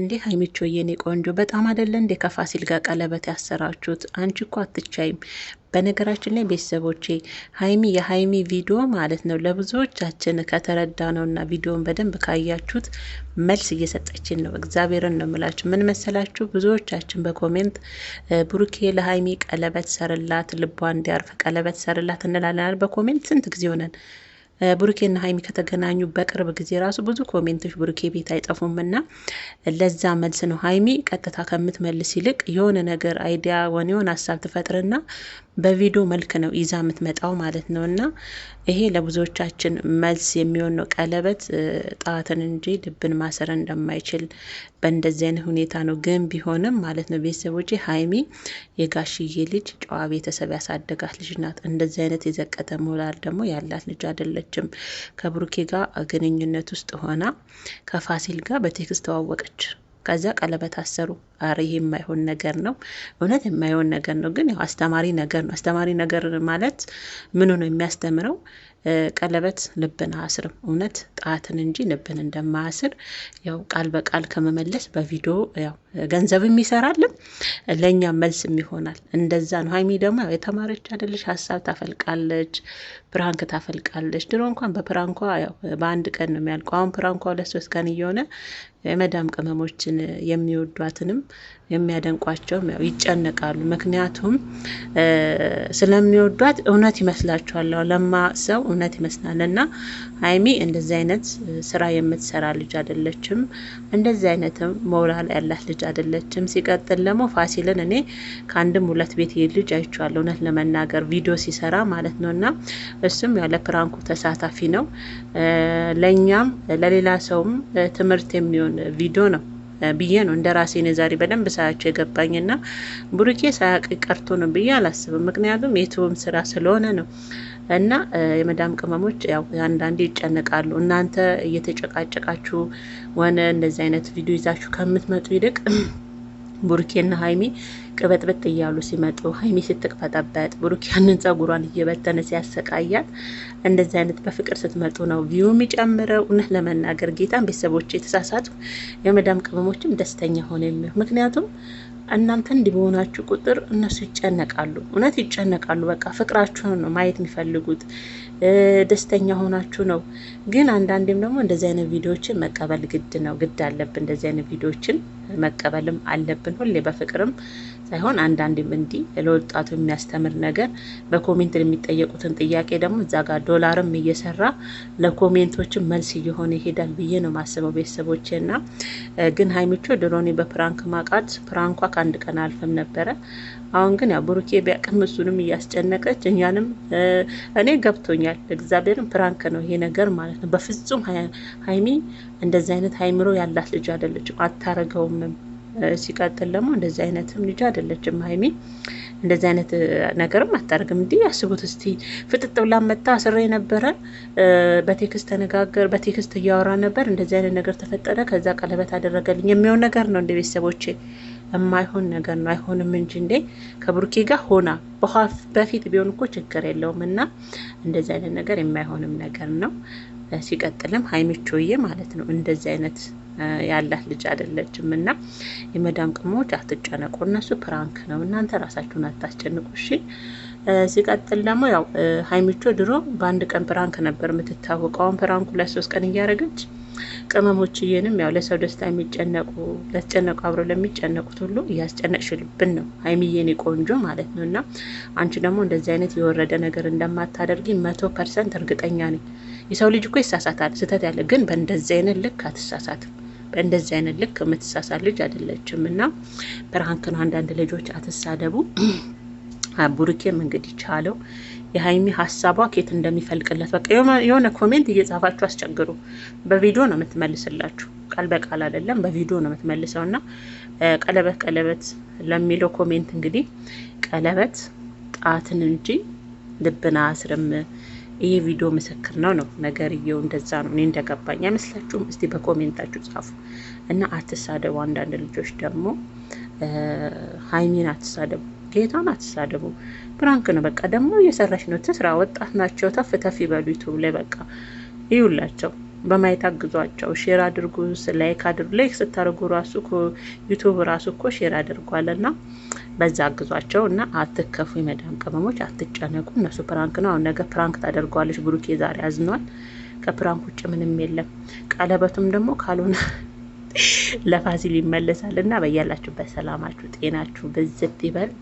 እንዴ ሀይሚቾ የኔ ቆንጆ በጣም አይደለ እንዴ ከፋሲል ጋር ቀለበት ያሰራችሁት? አንቺ እኮ አትቻይም። በነገራችን ላይ ቤተሰቦቼ ሀይሚ የሀይሚ ቪዲዮ ማለት ነው ለብዙዎቻችን ከተረዳ ነው እና ቪዲዮን በደንብ ካያችሁት መልስ እየሰጠችን ነው። እግዚአብሔርን ነው ምላችሁ። ምን መሰላችሁ? ብዙዎቻችን በኮሜንት ብሩኬ ለሀይሚ ቀለበት ሰርላት፣ ልቧ እንዲያርፍ ቀለበት ሰርላት እንላለናል በኮሜንት ስንት ጊዜ ሆነን ብሩኬና ሀይሚ ከተገናኙ በቅርብ ጊዜ ራሱ ብዙ ኮሜንቶች ብሩኬ ቤት አይጠፉም እና ለዛ መልስ ነው ሀይሚ ቀጥታ ከምትመልስ ይልቅ የሆነ ነገር አይዲያ ወን የሆነ ሀሳብ ትፈጥርና በቪዲዮ መልክ ነው ይዛ የምትመጣው ማለት ነው። እና ይሄ ለብዙዎቻችን መልስ የሚሆን ነው። ቀለበት ጣትን እንጂ ልብን ማሰር እንደማይችል በእንደዚህ አይነት ሁኔታ ነው። ግን ቢሆንም ማለት ነው ቤተሰቦች ሀይሚ የጋሽዬ ልጅ ጨዋ ቤተሰብ ያሳደጋት ልጅ ናት። እንደዚህ አይነት የዘቀተ ሞራል ደግሞ ያላት ልጅ አይደለችም። ከብሩኬ ጋር ግንኙነት ውስጥ ሆና ከፋሲል ጋር በቴክስት ተዋወቀች። ከዛ ቀለበት አሰሩ። አረ ይሄ የማይሆን ነገር ነው፣ እውነት የማይሆን ነገር ነው። ግን ያው አስተማሪ ነገር ነው። አስተማሪ ነገር ማለት ምኑ ነው የሚያስተምረው ቀለበት ልብን አያስርም። እውነት ጣትን እንጂ ልብን እንደማያስር ያው ቃል በቃል ከመመለስ በቪዲዮ ያው ገንዘብም ይሰራልም ለእኛም መልስም ይሆናል። እንደዛ ነው። ሀይሚ ደግሞ ያው የተማረች አይደለች፣ ሀሳብ ታፈልቃለች፣ ፕራንክ ታፈልቃለች። ድሮ እንኳን በፕራንኳ ያው በአንድ ቀን ነው የሚያልቀው። አሁን ፕራንኳ ሁለት ሶስት ቀን እየሆነ የመዳም ቅመሞችን የሚወዷትንም የሚያደንቋቸውም ያው ይጨነቃሉ። ምክንያቱም ስለሚወዷት እውነት ይመስላችኋል ለማ ሰው እውነት ይመስላል እና ሀይሚ እንደዚህ አይነት ስራ የምትሰራ ልጅ አይደለችም። እንደዚህ አይነትም ሞራል ያላት ልጅ አይደለችም። ሲቀጥል ደግሞ ፋሲልን እኔ ከአንድም ሁለት ቤት ይህ ልጅ አይቼዋለሁ፣ እውነት ለመናገር ቪዲዮ ሲሰራ ማለት ነው እና እሱም ያለ ፕራንኩ ተሳታፊ ነው። ለእኛም ለሌላ ሰውም ትምህርት የሚሆን ቪዲዮ ነው ብዬ ነው እንደ ራሴ ነው ዛሬ በደንብ ሳያቸው ና ብሩኬ ሳያቅ ቀርቶ ነው ብዬ አላስብም። ምክንያቱም የትውም ስራ ስለሆነ ነው። እና የመዳም ቅመሞች ያው አንዳንዴ ይጨነቃሉ። እናንተ እየተጨቃጨቃችሁ ሆነ እንደዚህ አይነት ቪዲዮ ይዛችሁ ከምትመጡ ይልቅ ቡርኬና ሀይሚ ቅበጥብጥ እያሉ ሲመጡ ሀይሚ ስትቅበጠበጥ ቡሩክ ያንን ጸጉሯን እየበተነ ሲያሰቃያት፣ እንደዚህ አይነት በፍቅር ስትመጡ ነው ቪው የሚጨምረው። እውነት ለመናገር ጌታን ቤተሰቦች የተሳሳቱ የመዳም ቅመሞችም ደስተኛ ሆነ የሚሆን ምክንያቱም እናንተ እንዲህ በሆናችሁ ቁጥር እነሱ ይጨነቃሉ፣ እውነት ይጨነቃሉ። በቃ ፍቅራችሁን ነው ማየት የሚፈልጉት፣ ደስተኛ ሆናችሁ ነው። ግን አንዳንዴም ደግሞ እንደዚህ አይነት ቪዲዮዎችን መቀበል ግድ ነው፣ ግድ አለብን። እንደዚህ አይነት ቪዲዮዎችን መቀበልም አለብን ሁሌ በፍቅርም ሳይሆን አንዳንድም እንዲህ ለወጣቱ የሚያስተምር ነገር በኮሜንት የሚጠየቁትን ጥያቄ ደግሞ እዛ ጋር ዶላርም እየሰራ ለኮሜንቶችም መልስ እየሆነ ይሄዳል ብዬ ነው ማስበው። ቤተሰቦቼ ና ግን ሀይሚቾ ድሮኔ በፕራንክ ማቃት ፕራንኳ ከአንድ ቀን አልፍም ነበረ። አሁን ግን ያው ብሩኬ ቢያቅም እሱንም እያስጨነቀች እኛንም እኔ ገብቶኛል። እግዚአብሔርም ፕራንክ ነው ይሄ ነገር ማለት ነው። በፍጹም ሀይሚ እንደዚህ አይነት ሀይምሮ ያላት ልጅ አይደለችም፣ አታረገውምም ሲቀጥል ደግሞ እንደዚህ አይነትም ልጅ አይደለችም ሀይሚ። እንደዚህ አይነት ነገርም አታደርግም። እንዲህ ያስቡት እስቲ ፍጥጥ ብላ መታ ስራ የነበረ በቴክስት ተነጋገር በቴክስት እያወራ ነበር። እንደዚህ አይነት ነገር ተፈጠረ፣ ከዛ ቀለበት አደረገልኝ የሚሆን ነገር ነው እንደ ቤተሰቦቼ የማይሆን ነገር ነው። አይሆንም እንጂ እንዴ ከብሩኬ ጋር ሆና በፊት ቢሆን እኮ ችግር የለውም እና እንደዚህ አይነት ነገር የማይሆንም ነገር ነው። ሲቀጥልም ሀይሚቾዬ ማለት ነው እንደዚህ አይነት ያላት ልጅ አይደለችም። እና የመዳም ቅሞች አትጨነቁ፣ እነሱ ፕራንክ ነው። እናንተ ራሳችሁን አታስጨንቁ እሺ። ሲቀጥል ደግሞ ያው ሀይሚቾ ድሮ በአንድ ቀን ፕራንክ ነበር የምትታወቀውን ፕራንኩ ላይ ሶስት ቀን እያደረገች ቅመሞችዬንም ያው ለሰው ደስታ የሚጨነቁ ለተጨነቁ አብረው ለሚጨነቁት ሁሉ እያስጨነቅሽልብን ነው ሀይሚዬን ቆንጆ ማለት ነው። እና አንቺ ደግሞ እንደዚህ አይነት የወረደ ነገር እንደማታደርጊ መቶ ፐርሰንት እርግጠኛ ነኝ። የሰው ልጅ እኮ ይሳሳታል፣ ስህተት ያለ ግን በእንደዚህ አይነት ልክ አትሳሳትም። በእንደዚህ አይነት ልክ የምትሳሳት ልጅ አይደለችም። እና ብርሃን ነው። አንዳንድ ልጆች አትሳደቡ። ቡሩኬም እንግዲህ ቻለው የሀይሚ ሀሳቧ ኬት እንደሚፈልቅለት በቃ የሆነ ኮሜንት እየጻፋችሁ አስቸግሩ። በቪዲዮ ነው የምትመልስላችሁ፣ ቃል በቃል አይደለም፣ በቪዲዮ ነው የምትመልሰው። እና ቀለበት ቀለበት ለሚለው ኮሜንት እንግዲህ ቀለበት ጣትን እንጂ ልብን አያስርም ይሄ ቪዲዮ ምስክር ነው ነው ነገርየው እንደዛ ነው። እኔ እንደገባኝ አይመስላችሁም? እስቲ በኮሜንታችሁ ጻፉ እና አትሳደቡ። አንዳንድ ልጆች ደግሞ ሀይሚን አትሳደቡ፣ ጌታን አትሳደቡ። ፕራንክ ነው በቃ። ደግሞ እየሰራች ነው፣ ትስራ። ወጣት ናቸው፣ ተፍ ተፍ ይበሉ። ዩቱብ ላይ በቃ ይውላቸው በማየት አግዟቸው። ሼር አድርጉ፣ ላይክ አድርጉ። ላይክ ስታደርጉ ራሱ ዩቱብ ራሱ እኮ ሼር አድርጓል እና በዛ አግዟቸው እና አትከፉ፣ የመዳም ቅመሞች አትጨነቁ። እነሱ ፕራንክ ነው። አሁን ነገ ፕራንክ ታደርገዋለች። ብሩኬ ዛሬ አዝኗል። ከፕራንክ ውጭ ምንም የለም። ቀለበቱም ደግሞ ካልሆነ ለፋሲል ይመለሳል እና በያላችሁበት ሰላማችሁ ጤናችሁ ብዝት ይበል።